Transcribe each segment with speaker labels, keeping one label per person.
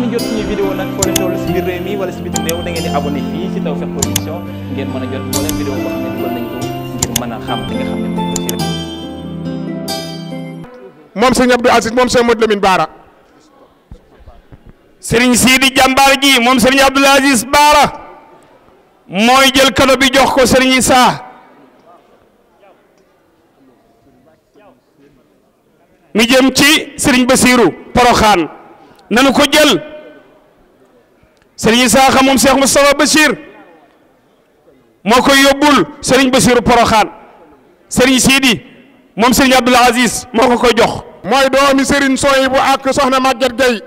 Speaker 1: ngeen jot suñu vidéo nag foo leen toll a jot moo a xam li nga xam ne moom la rek. Aziz moom sëñ Modou Lamine Baara.
Speaker 2: sëriñ Sidi jàmbaar ji moom sëriñ Abdou Aziz Baara. mooy jël kado bi jox ko sëriñ Issa. mi ci sëriñ Basirou Porokhane. nanu ko jël sëriñ Isaaxa moom Cheikh Moustapha Bachir moo koy yóbbul sëriñ Bachir Poroxaan sëriñ Sidi
Speaker 1: moom sëriñ Abdoul Aziz moo koy jox. mooy doomi sëriñ Soy bu ak soxna Maguette Gueye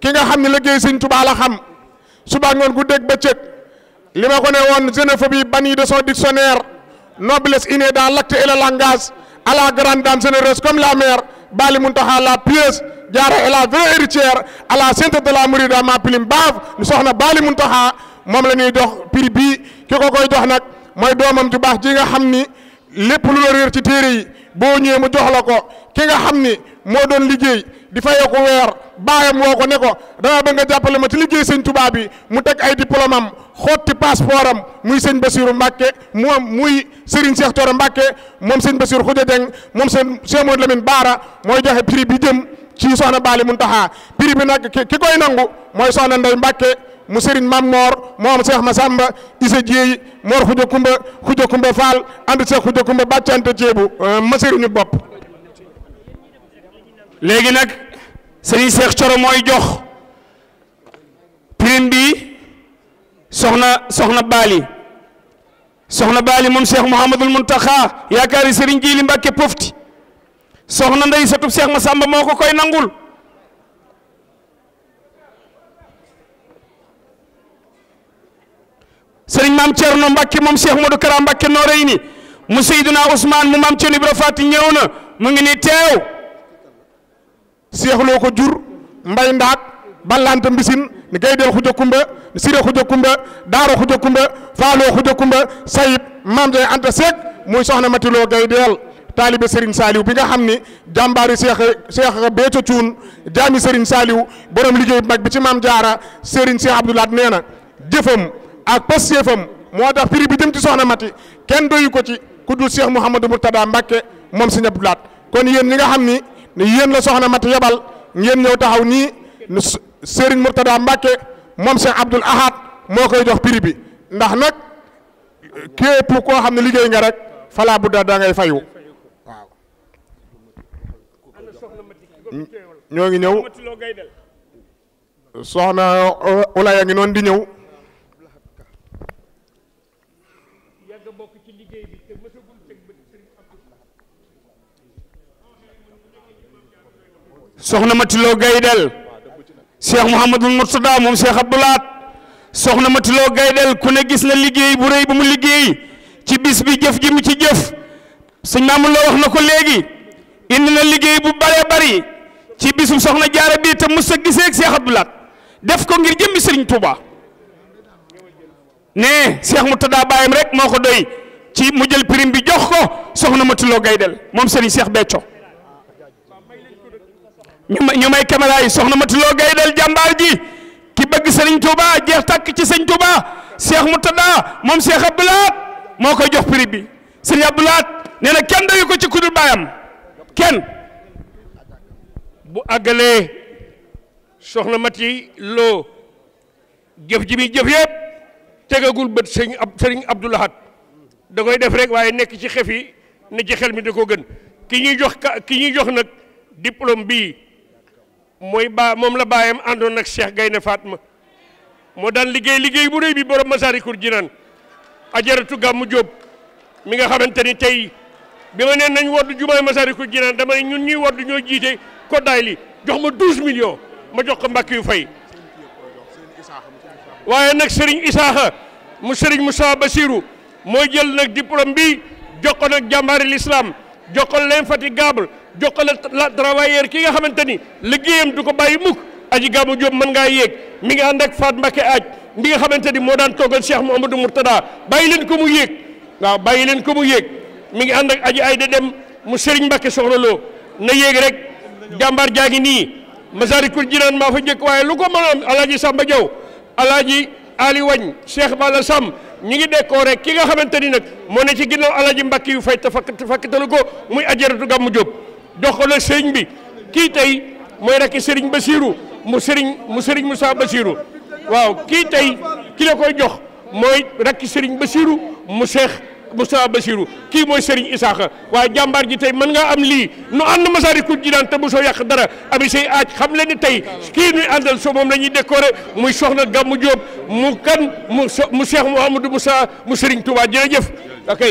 Speaker 1: ki nga xam ne liggéey sëriñ Tuubaa la xam suba ngoon guddeeg bëccëg li ma ko ne woon xénophobie bannie de son dictionnaire noblesse innée dans l'acte et le langage à la grande dame généreuse comme la mère Bali Muntaxa la pieuse. jaara et la vraie héritière à la sainte de la mourida ma pilim baaf ñu soxna Baali Muntaxa moom la ñuy dox prix bii ki ko koy dox nag mooy doomam ju baax ji nga xam ni lépp lu la réer ci téere yi boo ñëwee mu jox la ko ki nga xam ni moo doon liggéey di fayoo ko weer baayam woo ko ne ko dama bëgg nga jàppale ma ci liggéey sëñ Tuubaa bi mu teg ay diplôme am xotti passeport am muy sëñ Basiru Mbàkke moom muy Serigne Cheikh Toro Mbàkke moom sëñ Basiru Xuja Jeng moom sëñ Cheikh Modou Lamine Baara mooy joxe prix ci soxna Baali Muntaxa prix bi nag ki koy nangu mooy soxna Ndey Mbàkke mu sëriñ Mam Moor moom Seex Masamba Isa Jéey Moor Xuja Kumba Xuja Kumba Faal ànd Seex Xuja Kumba bàccante ceebu ma sëriñu bopp léegi nag sëriñ Seex
Speaker 2: Coro mooy jox prime bi soxna soxna Baali soxna Baali moom Seex Muhammadul Muntaxa yaakaari sëriñ Jiili Mbàkke pofti soxna ndey satub seex ma sàmba moo ko koy nangul sëriñ maam Thierno Mbacke moom Cheikh Modou Kara Mbacke Noreyni mu Seydina Ousmane mu maam Thierno Ibra Faty ñëw na mu ngi nii teew seexloo ko jur
Speaker 1: mbay ndaat ballante mbisin ni gay xuja kumba sire xuja kumba daaro xuja kumba faaloo xuja kumba sayib maam jay anta seek muy soxna matiloo gay taalibe Serigne saaliw bi nga xam ni jàmbaari Cheikh Cheikh Béthio Thioune jaami Serigne Saliou borom liggéey mag bi ci maam jaara Serigne Cheikh Abdou Lahad nee na jëfam ak pastéefam moo tax prix bi dem ci soxna Mati kenn doyu ko ci ku dul Cheikh Mouhamadou Mourtada Mbacké moom Serigne Abdou Lahad kon yéen ñi nga xam ni yéen la soxna Mati yebal ngeen ñëw taxaw nii sëriñ Mourtada Mbacké moom Cheikh Abdoul Ahad moo koy jox piri bi ndax nag képp koo xam ne liggéey nga rek da ngay fayu ñoo ngi ñëw soxna Ulaya ngi noonu di ñëw
Speaker 2: soxna Matiloo Gaydel Cheikh Mouhamadul Murtada moom Cheikh Abdoulaat soxna Matiloo Gaydel ku ne gis na liggéey bu rëy bu mu liggéey ci bis bi jëf ji mu ci jëf sëñ Mamoun loo wax na ko léegi indi na liggéey bu bare bari ci bisum soxna jaara bii te mës a gisee ak Cheikh Abdou Lahad def ko ngir jëmmi Serigne Touba ne Cheikh Moutada baayam rek moo ko doy ci mu jël prime bi jox ko soxna Matuloo Gaydel moom Serigne Cheikh Béthio ñu may ñu may caméra yi soxna Matuloo Gaydel jàmbaar ji ki bëgg Serigne Touba jeex tàkk ci Serigne Touba Cheikh Moutada moom Cheikh Abdou moo koy jox prime bi Serigne Abdou Lahad nee na kenn doyu ko ci kudul baayam kenn. bu àggalee soxna yi Lo jëf ji muy jëf yëpp tegagul bët sëñ ab sëriñ Abdou Lahad da koy def rek waaye nekk ci xef yi ne ci xel mi da ko gën ki ñuy jox ka ki ñuy jox nag diplôme bii mooy baa moom la baayam àndoon nag Cheikh Gaynde Fatma moo daan liggéey liggéey bu réy bi borom Masaalikul Jinaan ajaratu gàmmu Jóob mi nga xamante ni tey bi ma neen nañ wodd jumaay Masaalikul Jinaan dama ne ñun ñuy wodd ñoo jiite koddaay li jox ma dus millions ma jox ko Mbàkke yu fay waaye nag sëriñ Isaaxa mu Serigne Moussa Bassirou mooy jël nag diplôme bi jox ko nag jàmbaari l'islam jox ko l'infatigable jox ko la travailleur ki nga xamante ni liggéeyam du ko bàyyi mukk aji gàmmu Jóob mën ngaa yéeg mi ngi ànd ak Faat Mbakke aj mi nga xamante ni moo daan toogal Cheikh Mouhamadou Mourtada bàyyi leen ko mu yéeg waaw bàyyi leen ko mu yéeg mi ngi ànd ak aji ay da dem mu sëriñ Mbàkke soxna loo na yéeg rek jàmbaar jaa ngi nii Masaalikul Jinaan maa fa jëkk waaye lu ko mën a am alaaji Samba Jaw alaaji Ali Wañ Cheikh Bala Sam ñi ngi décoré kii nga xamante ni nag moo ne ci ginnaaw alaaji Mbàkke yu fay te fakk fakkatalu ko muy ajaratu gàmmu Jóob jox ko la sëriñ bi kii tey mooy rek sëriñ Basiiru mu sëriñ mu sëriñ Moussa Basiiru waaw kii tey ki la koy jox mooy rakki sëriñ Basiiru mu Cheikh Moustapha Bassirou kii mooy Serigne Isaaxa waaye jàmbaar ji tey mën ngaa am lii nu ànd Masaalikul Jinaan te bu soo yàq dara abi say aaj xam leen ni tey kii nuy àndal so moom la ñuy muy soxna gàmmu Jóob mu kan mu so mu Cheikh Mouhamadou Moussa mu Serigne Touba jërëjëf ok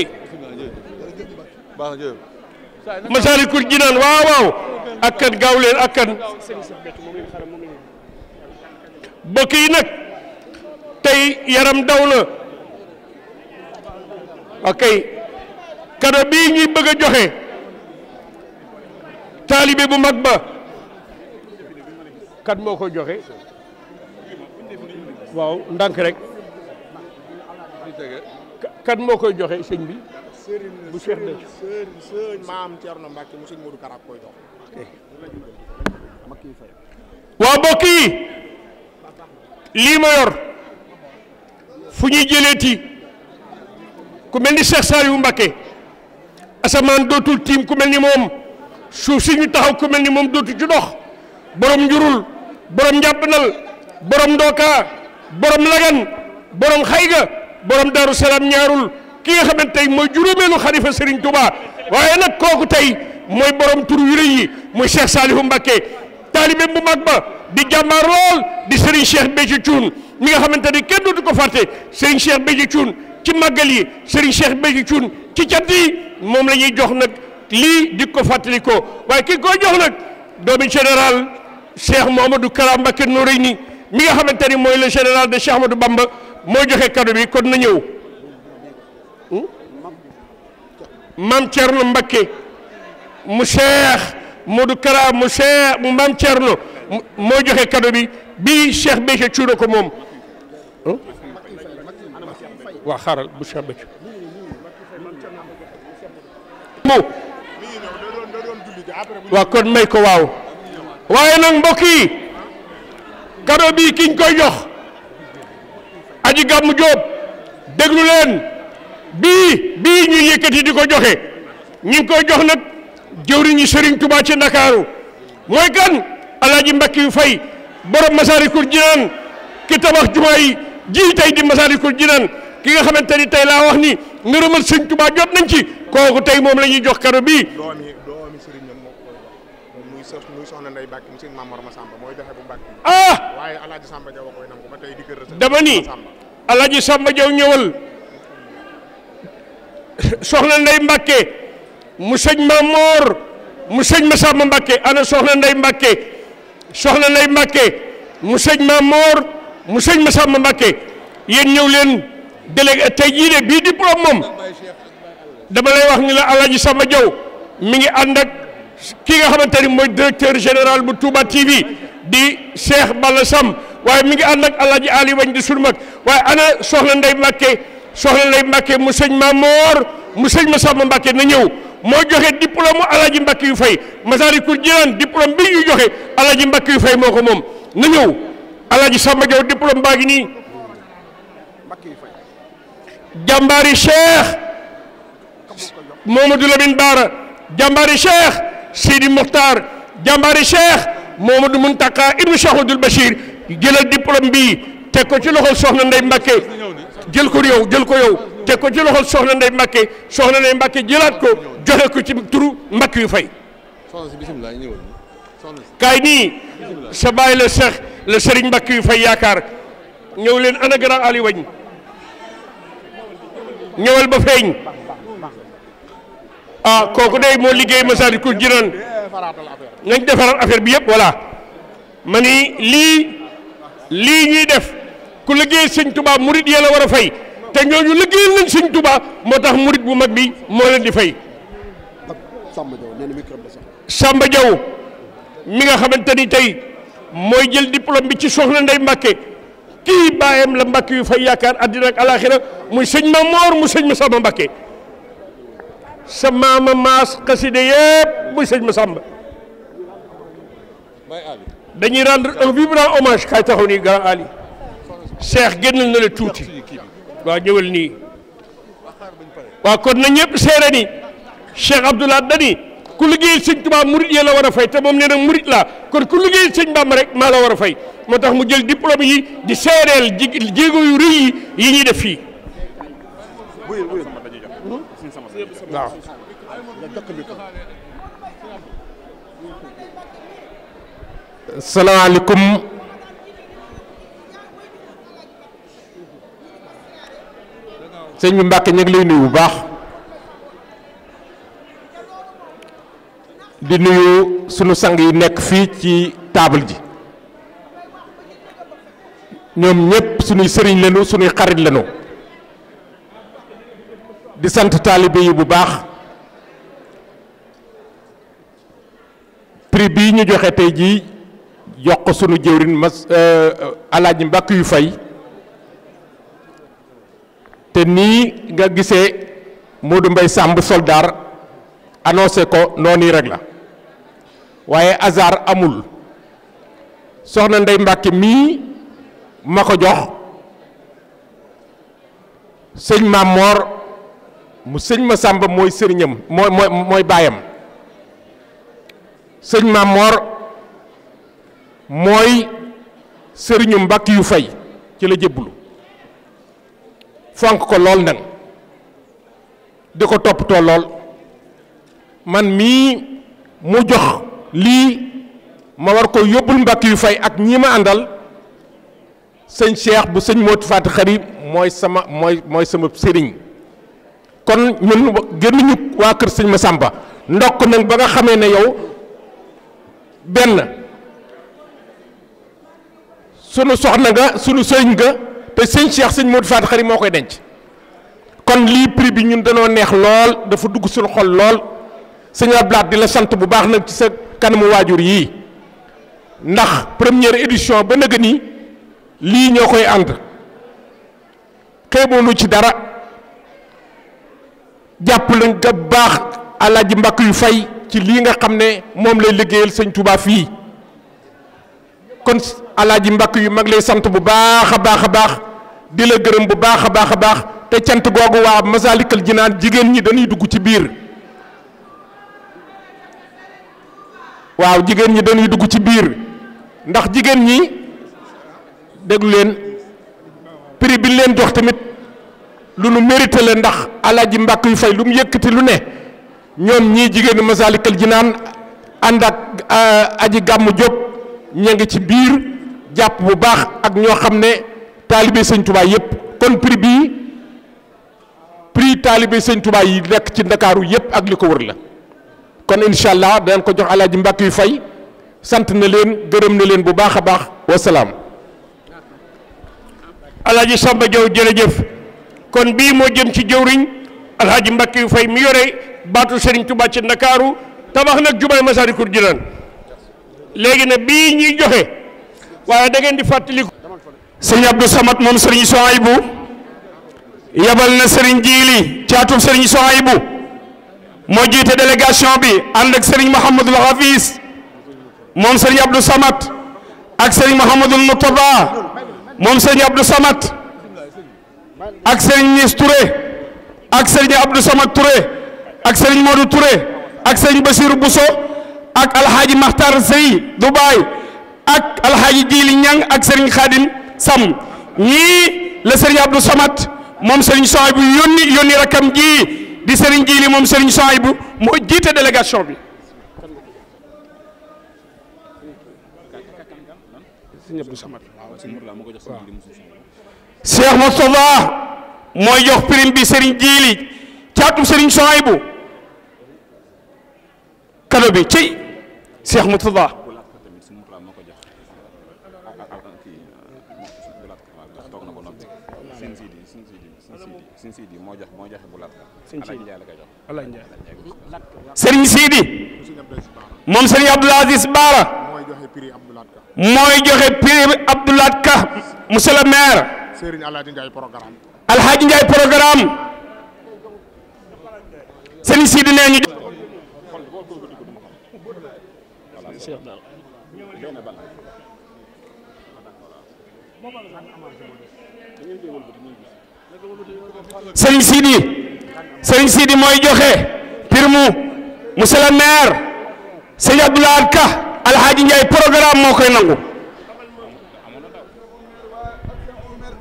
Speaker 2: Masaalikul Jinaan waaw waaw ak kan gaaw leen ak kan mbokk yi nag tey yaram daw na ok kado bii ñuy bëgg a joxe taalibe bu mag ba kat moo ko joxe waaw ndànk rek kat moo koy joxe sëñ bi
Speaker 1: bu Cheikh de sëñ maam Thierno Mbacke
Speaker 2: lii ma yor fu ñuy jëleeti ku mel ni Cheikh Saliou Mbacké asamaan dootul tiim ku mel ni moom suuf si ñu taxaw ku mel ni moom dootu ci dox borom njurul borom njàppnal borom ndookaa borom lagan borom xayga borom daaru ñaarul ki nga xamante tey mooy juróomeelu xalifa Serigne Touba waaye nag kooku tey mooy borom tur yu yi muy Cheikh Saliou Mbacké taalibe bu mag ba di jàmbaar lool di Serigne Cheikh Béthio Thioune mi nga xamante ni kenn dootu ko fàtte Serigne Cheikh Béthio ci màggal yi Serigne Cheikh Béthio Thioune ci cant yi moom la ñuy jox nag lii di ko fàttali ko waaye ki koy jox nag doomi général Cheikh Mouhamadou Kara Mbacké Noreyni mi nga xamante ni mooy le général de Cheikh Ahmadou Bamba joxe cadeau bi na ñëw hmm? maam Thierno Mbacké mu Cheikh Modou Kara mu Cheikh mu maam Thierno moo joxe cadeau bi bii Cheikh Béthio Thioune ko moom. waa xaaral bu Cheikh Béthio kon may ko waaw waaye nag mbokk yi kado bii kiñ koy jox aji gàmmu jóob déglu leen bii bii ñu yëkkati di ko joxe ñi koy jox nag jëwriñu sëriñ Tuubaa ci Ndakaaru mooy kan alaaji Mbàkke yu fay borom Masaalikul Jinaan ki tabax jumaa yi tey di Masaalikul Jinaan ki nga xamante ni tey laa wax ni ngërëmal sëñ Tuubaa jot nañ ci kooku tey moom la ñuy jox kado bii.
Speaker 1: ah. dama ni
Speaker 2: Alaaji Samba Jaw ñëwal soxna Ndey Mbàkke mu sëñ Mamoor mu sëñ Masamba Mbàkke ana soxna Ndey Mbàkke soxna Ndey Mbàkke mu sëñ Mamoor mu sëñ Masamba Mbàkke yéen ñëw leen. délégué tey jii de bii diplôme moom dama lay wax ni la Alaaji Samba Diaw mi ngi ànd ak ki nga xamante ni mooy directeur général bu Touba TV di Cheikh Balla Sam waaye mi ngi ànd ak Alaaji Ali Wañ di sunu mag waaye ana soxna Ndey Mbàkke soxna Ndey Mbàkke mu sëñ Mamoor mu sëñ Masamba Mbàkke na ñëw moo joxe diplôme Alaaji Mbàkke yu fay Masaalikul Jinaan diplôme bi ñu joxe ji Mbàkke yu fay moo ko moom na ñëw Alaaji Samba Diaw diplôme baa ngi nii jàmbaari cheikh Mamadou Lamine Bara jàmbaari cheikh Sidi Mokhtar jàmbaari cheikh Mamadou Muntaka ibnu Cheikh Abdoul Bachir jëlal diplôme bii teg ko ci loxol soxna Ndey Mbàkke jël ko jël ko yow teg ko ci loxol soxna Ndey Mbàkke soxna Ndey Mbàkke jëlaat ko joxe ko ci turu Mbàkke yu fay kaay nii sa bàyyi la cheikh la sëriñ Mbàkke yu fay yaakaar ñëw leen ana grand Aliou Wagne ñëwal ba feeñ ah kooku day moo liggéey Masaalikul Jinaan nañ defaraat affaire bi yëpp voilà ma ni lii lii ñuy def ku liggéey sëñ tubaab murit yee la war a fay te ñooñu liggéeyal nañ sëñ tubaab moo tax murit bu mag bi moo leen di fay Samba Diaw mi nga xamante ni tey mooy jël diplôme bi ci soxna Ndey Mbàkke kii bàyyam la Mbàkke yu fay yaakaar àddina alaaxira muy sëñ ma moor mu sëñ ma sàmba Mbàkke sa maama maas xaside muy sëñ ma sàmba dañuy rendre un vibrant hommage kaay taxaw grand Ali seex génnal na la tuuti waa ñëwal nii waa kon na ñëpp seere ni Cheikh Abdoulaye dani ku liggéey sëñ Tuubaa murit yee la war a fay te moom nee na murit laa kon ku liggéeyal sëñ Bàmba rek maa la war fay moo tax mu jël diplôme yi di seereel ji jéego yu rëy yi yi ñuy def fii. waaw. salaamaaleykum. sëñ bi Mbàkke ñu ngi lay nuyu bu baax. di nuyu sunu sang yi nekk fii ci taabal ji ñoom ñëpp sunuy sëriñ lañu sunuy xarit lañu di sant taalibe yi bu baax prix bii ñu joxe tey jii jox sunu jëwrin mas euh, alaaji mbàkk yu fay te nii nga gisee Modou mbay sàmb soldar annoncé ko noonu rek la waaye hasard amul soxna Ndey Mbàkke mii ma ko jox sëñ Maam Moor mu sëñ ma Sàmba mooy sëriñam mooy mooy baayam sëñ Maam mooy sëriñu Mbàkke yu fay ci la jébbalu fonk ko lool nag di ko toppatoo lool man mii mu jox lii ma war ko yóbbul Mbàkke yu fay ak ñi ma àndal sëñ Cheikh bu sëñ Moodu Faati Xari mooy sama mooy mooy sama sëriñ kon ñun génnuñu waa kër sëñ Masamba ndokk nag ba nga xamee ne yow benn sunu soxna nga sunu sëñ nga te sëñ Cheikh sëñ Moodu Faati Xari moo koy denc kon lii prix bi ñun danoo neex lool dafa dugg suñu xol lool sëñ Ablaat di la sant bu baax nag ci sa kanamu waajur yii ndax première édition ba nëgë nii lii ñoo koy ànd xeeboonu ci dara jàpp la nga baax alaaji mbakk yu fay ci lii nga xam ne moom lay liggéeyal sëñ Touba fii kon alaaji mbakk yu mag lay sant bu baax a baax a baax di la gërëm bu baax a baax a baax te cant googu waa Masaalikal naan jigéen ñi dañuy dugg ci biir waaw jigéen ñi dañuy dugg ci biir ndax jigéen ñi déglu leen prix bi leen jox tamit lu nu mérité ndax alaaj alaaji mbàkk yu fay lu mu yëkkati lu ne ñoom ñii jigéenu Masaalikal Jinaan ànd ak euh, aji gàmmu jóg ña ngi ci biir jàpp bu baax ak ñoo xam ne taalibe sëñ Tuubaa yëpp kon prix bii prix taalibe sëñ Tuubaa yi rekk ci ndakaaru yëpp ak li ko wër la kon incha allah danañ ko jox alaaji mbàkk yu fay sant na leen gërëm na leen bu baax a baax wasalaam. alaaji Samba Diaw jëf kon bii moo jëm ci jëwriñ alaaji mbàkk yu fay mi yore baatu Serigne Touba ci Ndakaaru tabax nag jumaay Masaalikul Jinaan léegi nag bii ñuy joxe waaye dangeen di fàttaliku. sëñ Abdou Samad moom Serigne Souhaïbou yabal na Serigne Djili caatum Serigne Souhaïbou moo jiite délégation bi ànd ak Serigne Mouhamadul Hafiz moom Serigne Abdou Samat ak Serigne Mouhamadul Mourtada moom Serigne Abdou Samat ak Serigne Niis Touré ak Serigne Abdou Samat Touré ak Serigne Modou Touré ak Serigne Bassirou Bousso ak Alhaji Makhtar Sey Dubaay ak Alhaji Jili Ñang ak Serigne Khadim Sam ñii la Serigne Abdou Samat moom Serigne Sohaibou yónni yónni rakam ji di sëriñ Jili moom sëriñ Soaybu moo jiite délégation bi
Speaker 1: Cheikh Moustapha
Speaker 2: mooy jox prime bi sëriñ Jili caatum sëriñ Soaybu kado bi ci Cheikh Moustapha
Speaker 1: Serigne Sidi moo jox moo joxe bu lakk. Serigne Sidi Alaaji la
Speaker 2: koy jox. Serigne Sidi. moom Serigne Abdoul Aziz Baara. mooy joxe prix Abdoul Ahad Ka. monsieur le maire.
Speaker 1: Serigne programme.
Speaker 2: sëriñ Sidi sëriñ Sidi mooy joxe pir mu monsieur maire sëñ Abdoulaye Ka alxaaji Ndiaye programme moo koy nangu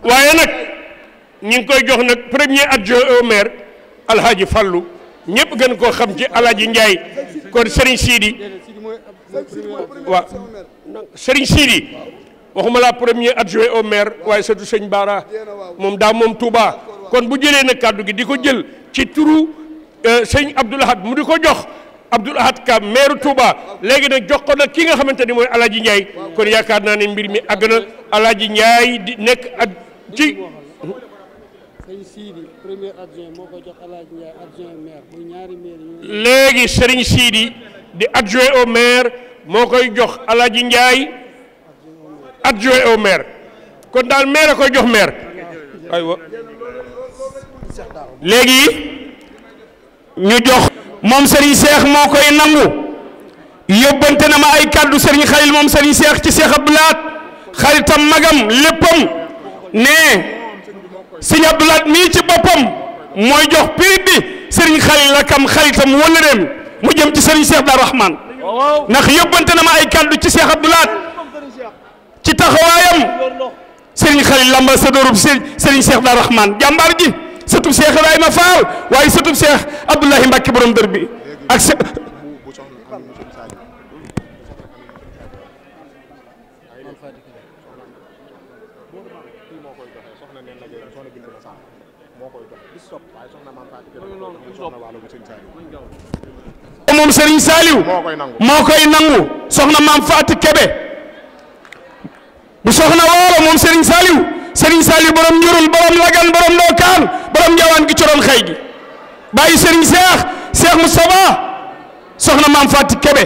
Speaker 2: waaye nag ñi ngi koy jox nag premier adjoint au maire alxaaji Fallu ñëpp gën koo xam ci alxaaji Ndiaye kon sëriñ Sidi waaw sëriñ Sidi waxuma la premier adjoint au maire waaye sëtu sëñ Baara moom daa moom Touba kon bu jëlee nag kàddu gi di ko jël ci turu euh, sëñ Abdoul Ahad mu di ko jox Abdoul Ahad Ka maire Touba léegi nag jox ko nag ki nga xamante ni mooy Alaaji Ndiaye kon yaakaar naa ne mbir mi àgg na Alaaji Ndiaye di nekk ak ci. léegi Serigne Sidi di adjoint au maire moo koy jox Alaaji Ndiaye. adjoint au maire kon daal maire a jox maire aywa léegi ñu jox moom Serigne Cheikh moo koy nangu yóbbante na ma ay kàddu Serigne Khalil moom Serigne Cheikh ci Cheikh Abdou Lahad magam léppam ne Serigne Abdou Lahad ci boppam mooy jox prix bi Serigne Khalil kam xaritam wëllëreem mu jëm ci Serigne Cheikh Abdou Rahman ndax yóbbante na ma ay kàddu ci Cheikh Abdou taxawaayam sëriñ Xalil l'ambassadeur bu sëriñ Cheikh Dar Rahman jàmbaar ji sëtub Cheikh Ibrahima Fall waaye sëtub Cheikh Abdoulahi Mbacke borom dër bi ak se.
Speaker 1: moom sëriñ Saliou moo koy nangu soxna maam Fatou Kebe.
Speaker 2: di soxna waalo moom Serigne Saliou Serigne Saliou borom ñurul borom lagan borom ndookaan borom njawaan gi coroon gi bàyyi Serigne Cheikh Cheikh Moustapha soxna maam Fati Kebe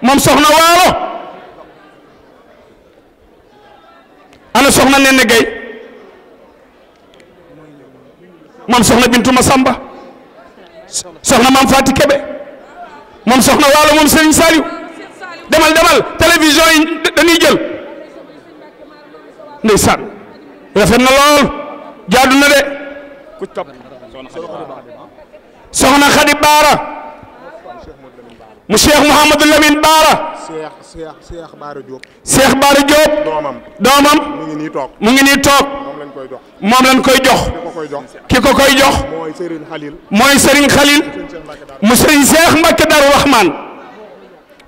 Speaker 2: moom soxna waalo ana soxna Nene Gay moom soxna Bintu Masamba soxna maam Fati Kebe ndeysaan rafet na lool jaadu na de ku topp soxna Xadi Baara
Speaker 1: mu Cheikh Mouhamadou Lamine Baara. Cheikh Cheikh Baara Diop. Cheikh Baara Diop. doomam doomam. mu ngi nii toog mu ngi nii toog. moom lañ koy jox moom lañ koy jox. ki ko koy jox ki ko koy jox. mooy Serigne Khalil.
Speaker 2: mooy Serigne Khalil. mu Serigne Cheikh Mbacke Darou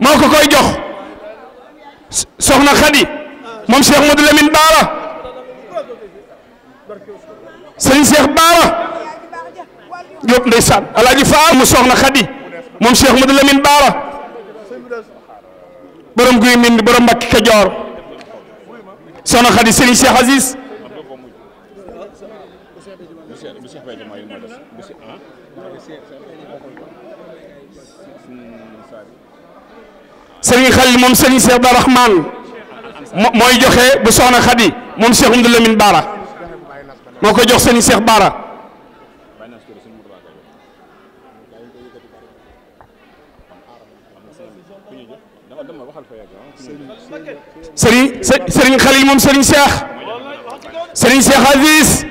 Speaker 2: moo ko koy jox soxna Xadi. moom Cheikh Modou Lamine Baara sëñ Cheikh Baara Diop ndeysaan alaaji Faal mu soxna Xadi moom Cheikh Modou Lamine Baara borom guy mind borom Mbàkke Kajoor
Speaker 1: soxna Xadi sëñ Cheikh Aziz
Speaker 2: sëñ Xalil moom sëñ
Speaker 1: mooy joxe
Speaker 2: bu soxna Xadi moom Cheikh Oumdou Lamine Baara moo ko jox sëñ Cheikh Baara
Speaker 1: sëriñ sëriñ
Speaker 2: Xalil moom sëriñ Cheikh sëriñ Cheikh Aziz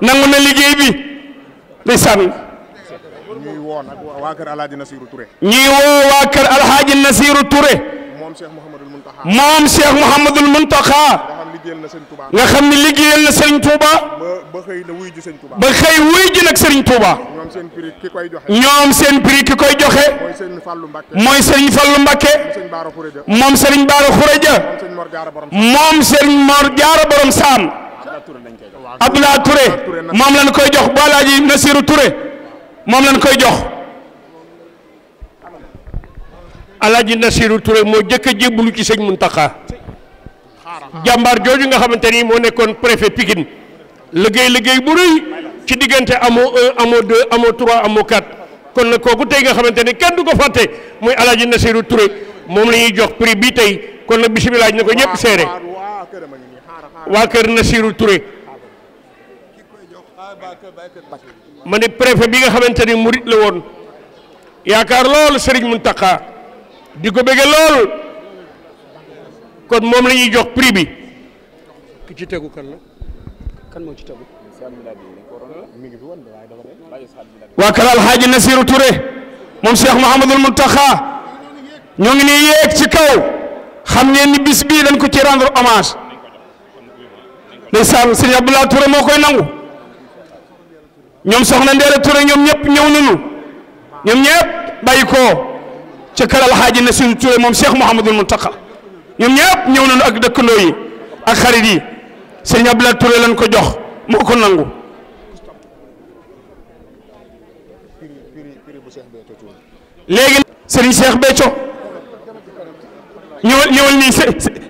Speaker 2: nangu na liggéey bi ndeysaan ñuy
Speaker 1: woo waa woo waa kër Alaaji Nasiru Touré
Speaker 2: moom Cheikh Mouhamadul Mountakha nga xam ne liggéeyal na Serigne Touba
Speaker 1: ba xëy wuy ji nag Serigne Touba ñoom seen prix ki koy joxe
Speaker 2: mooy Serigne Fallou Mbacké moom Serigne Bara Khourédia moom Serigne Mor Diarra Borom Sam Abdoulaye Touré moom lañ koy jox Balaji Nasiru Touré moom lañ koy jox. alaaji Nasiru Touré moo jëkk a jébbalu ci sëñ Muntaxa jàmbaar jooju nga xamante ni moo nekkoon préfet Pikine liggéey liggéey bu ci diggante amoo un amoo deux amoo trois amoo quatre kon nag kooku tey nga xamante ni kenn du ko fàtte muy alaaji Nasiru Touré moom la ñuy jox prix bii tey kon na bisimilah na ko ñëpp seere waa kër Nasiru Touré ma ne bi nga xamante ni murit la woon yaakaar loolu Serigne Mountakha di ko bëgge lool kon moom la ñuy jox prix bi. ki ci tegu kan la kan moo ci tegu. waa kala alxaaji Nasiru Touré moom Cheikh Mouhamadul Mountakha ñoo ngi nii yéeg ci kaw xam ngeen ni bis bii dañ ko ci rendre hommage ndeysaan sëñ Abdoulaye Touré moo koy nangu ñoom soxna Ndéla Touré ñoom ñëpp ñëw nañu ñoom ñëpp bàyyi ko. ca kër alxaaji Nasiru Touré moom Cheikh Mouhamadul Muntaka ñoom ñëpp ñëw nañu ak dëkkandoo yi ak xarit yi sëñ Abdoulaye Touré lañ ko jox moo ko nangu. léegi sëriñ Cheikh Béthio ñëwal ñëwal nii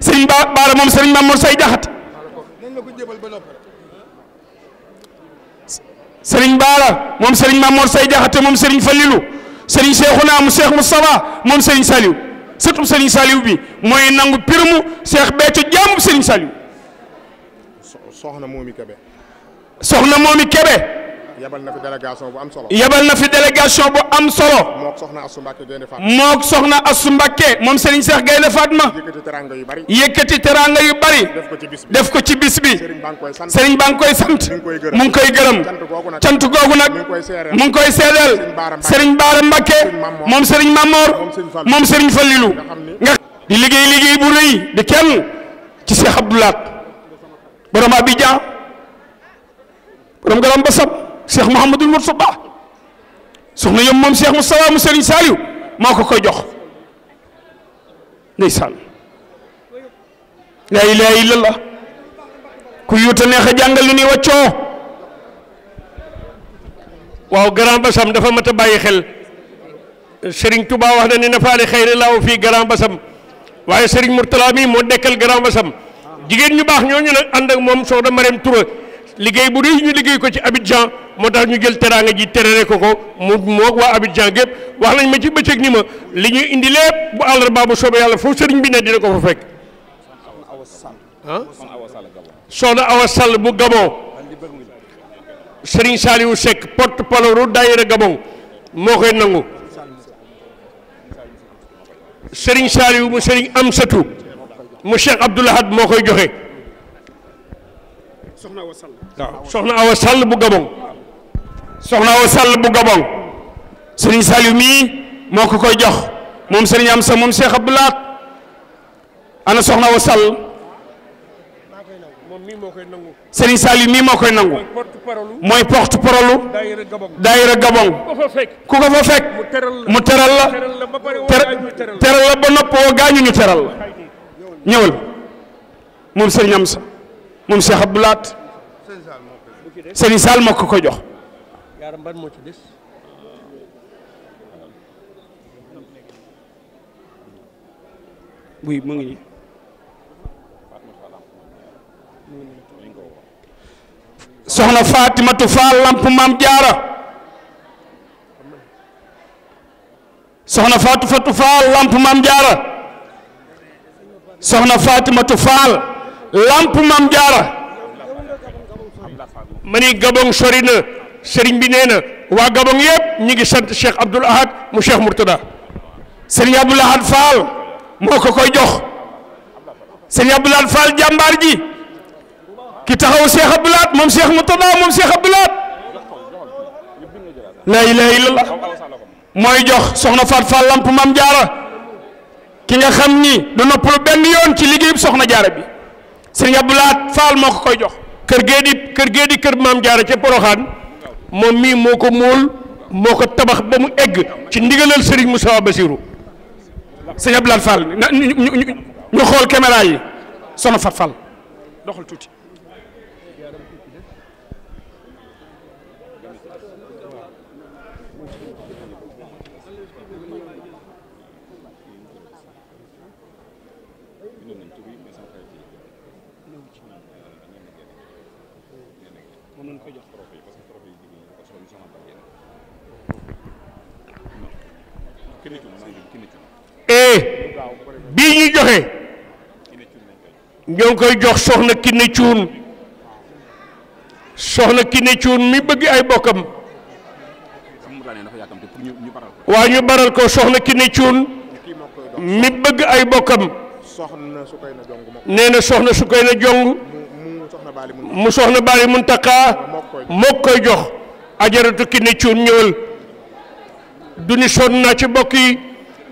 Speaker 2: sëriñ Ba Baara moom sëriñ Mamour Say Jaxate sëriñ Baara moom sëriñ Mamour Say Jaxate moom sëriñ Falilou. sëriñ Seexuna mu Seex Mustafa moom sëriñ Saliou surtout sëriñ Saliou bi mooy nangu pirmu Seex Béthio jaamub sëriñ Saliou
Speaker 1: soxna moomi Kebe
Speaker 2: soxna moomi Kebe
Speaker 1: yabal na fi délégation bu am solo. yabal na solo. moog soxna Assou Mbacké Gaynde Fatma. moog soxna Assou Mbacké moom Serigne Cheikh Gaynde Fatma. yëkkati teranga yu bari. yëkkati yu bari. def ko ci bis bi def ko Ba nga koy sant. mu ngi koy gërëm cant googu nag. mu ngi koy seedeel. Serigne Baara Mbacké moom Serigne Mamor moom Serigne Fallilu
Speaker 2: nga di liggéey liggéey bu rëy di kenn ci Cheikh Abdoulaye borom Abidjan borom garam basam cheikh Mouhamadul Moustapha soxna yom moom cheikh Moustapha mu Serigne Saliou maa ko koy jox ndeysaan laa ilaha illallah ku yuuta neex a jàngal lu ni waccoo waaw Grand Bassam dafa mat a bàyyi xel Serigne Touba wax na ne nafaani xayri laaw fii Grand Bassam waaye Serigne Mourtala mii moo dekkal Grand Bassam jigéen ñu baax ñooñu nag ànd ak moom soxna Marème Touré liggéey bu rëy ñu liggéey ko ci Abidjan moo tax ñu jël teraanga ji terere ko ko mu moog waa Abidjan gépp wax nañ ma ci bëccëg ni ma li ñuy indi lépp bu àllarba bu soobee yàlla foofu sëriñ bi ne dina ko fa fekk ah soxna Awa Sall bu Gabon sëriñ Saliou Seck porte parole moo koy nangu sëriñ Saliou mu sëriñ Amsatou mu moo koy joxe waaw soxna Awa bu Gabon soxna Awa Sall bu Gabon sëriñ Saliou mii moo ko koy jox moom sëriñ am sa moom Cheikh Abdou Lahad ana soxna Awa Sall sëriñ Saliou mii moo koy nangu mooy porte parole
Speaker 1: daayira Gabon
Speaker 2: ku ko fa fekk mu teral la teral la ba nopp woo gaañu ñu teral la ñëwal moom sëriñ am sa moom Cheikh Abdou Lahad sëriñ Sall moo ko koy jox Daara Mban moo ci des. oui mu ngi nii. soxna Fatimatu Fall lamp maam jaara. soxna Fatimatu Fall lamp maam jaara. jaara. ma ni Gabon sëriñ bi nee na waa Gabon yëpp ñu ngi sant Cheikh Abdoul Ahad mu Cheikh Mourtada sëriñ Abdoul Ahad Fall moo ko koy jox sëriñ Abdoul Ahad Fall jàmbaar ji ki taxaw Cheikh Abdoul moom Cheikh Mourtada moom Cheikh Abdoul Ahad laa ilaha mooy jox soxna Faat Fall lamp Maam Jaara ki nga xam ni du noppalu benn yoon ci liggéeyub soxna Jaara bi sëriñ Abdoul Ahad Fall moo ko koy jox kër gee di kër gee di kër Maam Jaara ca Poroxaan moom mii moo ko móol moo ko tabax ba mu egg ci ndigalal Serigne Moussa Bassirou sëñ Abdoulaye Fall na ñu xool caméra yi sono fat Fall doxal tuuti bii ñu joxe ñoo ngi koy jox soxna Kiné Cuun soxna Kiné Cuun mi bëgg ay bokkam
Speaker 1: waaw ñu baral ko soxna Kiné Cuun mi bëgg ay bokkam nee na soxna su koy na
Speaker 2: jong mu soxna Baali Muntaqa moo koy jox ajaratu Kiné Cuun ñëwal du ni ci bokk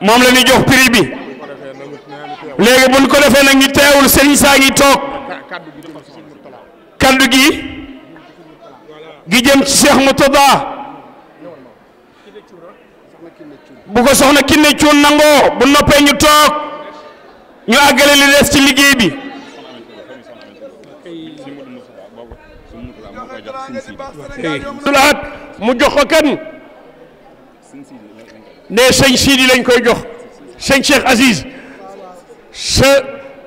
Speaker 2: moom la ñuy jox prix bi léegi buñ ko defee nag ñu teewul sëriñ saa ngi toog kaddu gi gi jëm ci Cheikh Moutada bu ko soxna kinne cuun nangoo bu noppee ñu toog ñu àggale li des ci liggéey bi dulaat mu jox ko kan ne sëñ Sidi lañ koy jox sëñ Cheikh Aziz sa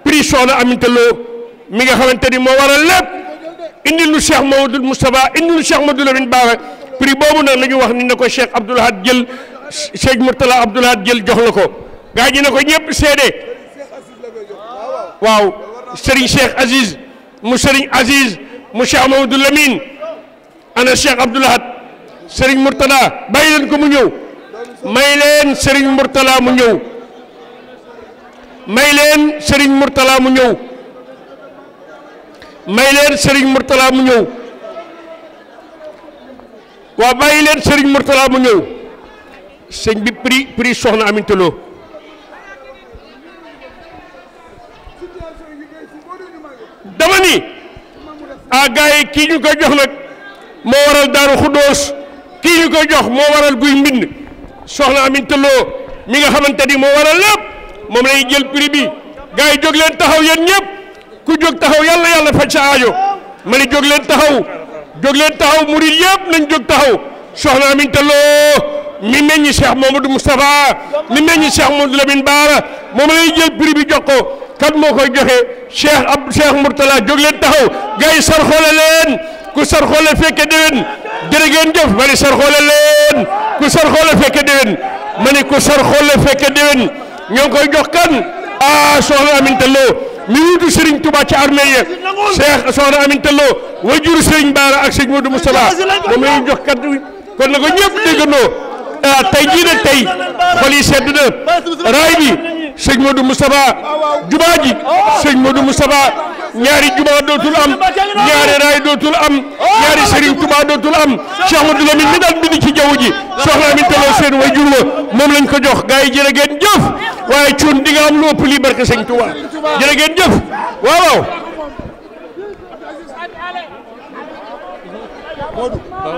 Speaker 2: prix soxna Aminta Lo mi nga xamante ni moo waral lépp indil lu Cheikh Mamadou Moustapha indil lu Cheikh Mamadou Lamine Bara prix boobu nag la ñu wax ni na ko Cheikh Abdoul Ahad jël Cheikh Mourtala Abdoul Ahad jël jox la ko gaa ñi na ko ñëpp seede waaw Serigne Cheikh Aziz mu Serigne Aziz mu Cheikh Mamadou Lamine ana Cheikh Abdoul Ahad Serigne bay bàyyi leen ko mu ñëw. may leen Serigne Mourtala mu ñëw may leen Serigne Mourtala mu ñëw may leen Serigne Mourtala mu ñëw waaw sëñ bi prix prix soxna Aminta dama ni ah gars yi kii ñu ko jox nag moo waral Daaru Xuddoos kii ñu ko jox moo waral guy mbind soxna na Lo mi nga xamante ni moo waral lépp moom lay jël prix bi gars yi jóg leen taxaw yéen ñëpp ku jóg taxaw yàlla yàlla faj sa aajo ma ne jóg leen taxaw jóg leen taxaw murid yëpp nañ jóg taxaw soxna Aminta Lo mi meññi Cheikh Mamadou Moustapha mi meññi Cheikh Mamadou Lamine Baara moom lay jël prix bi jox ko kat moo koy joxe Cheikh ab Cheikh Mourtala jóg leen taxaw gars yi sarxoole leen. ku sarxoole fekke déwén jërë ngeen jëf ma ni sarxoole leen ku sarxoole fekke déwén ma ni ku sarxoole fekke déwén ñoo ngi koy jox kan ah soxna Aminta Lo mi wutu Serigne Touba ci armée ya Cheikh soxna Aminta Lo wajuru Serigne Baara ak Serigne Modou Moustapha moom la ñuy jox kat kon na ko ñëpp déggandoo ah, tey jii nag tey xol yi sedd na raay bi. sëñ Modou Moustapha jumaa ji sëñ Modou Moustapha ñaari jumaa dootul am ñaari raay dootul am ñaari Serigne Touba dootul am Cheikh Modou Lamine mi daan bind ci jaww ji soxna mi way jur wa ko jox gars yi jërë ngeen jëf waaye cuun di nga am barke sëñ Touba jërë ngeen jëf waaw
Speaker 1: waaw.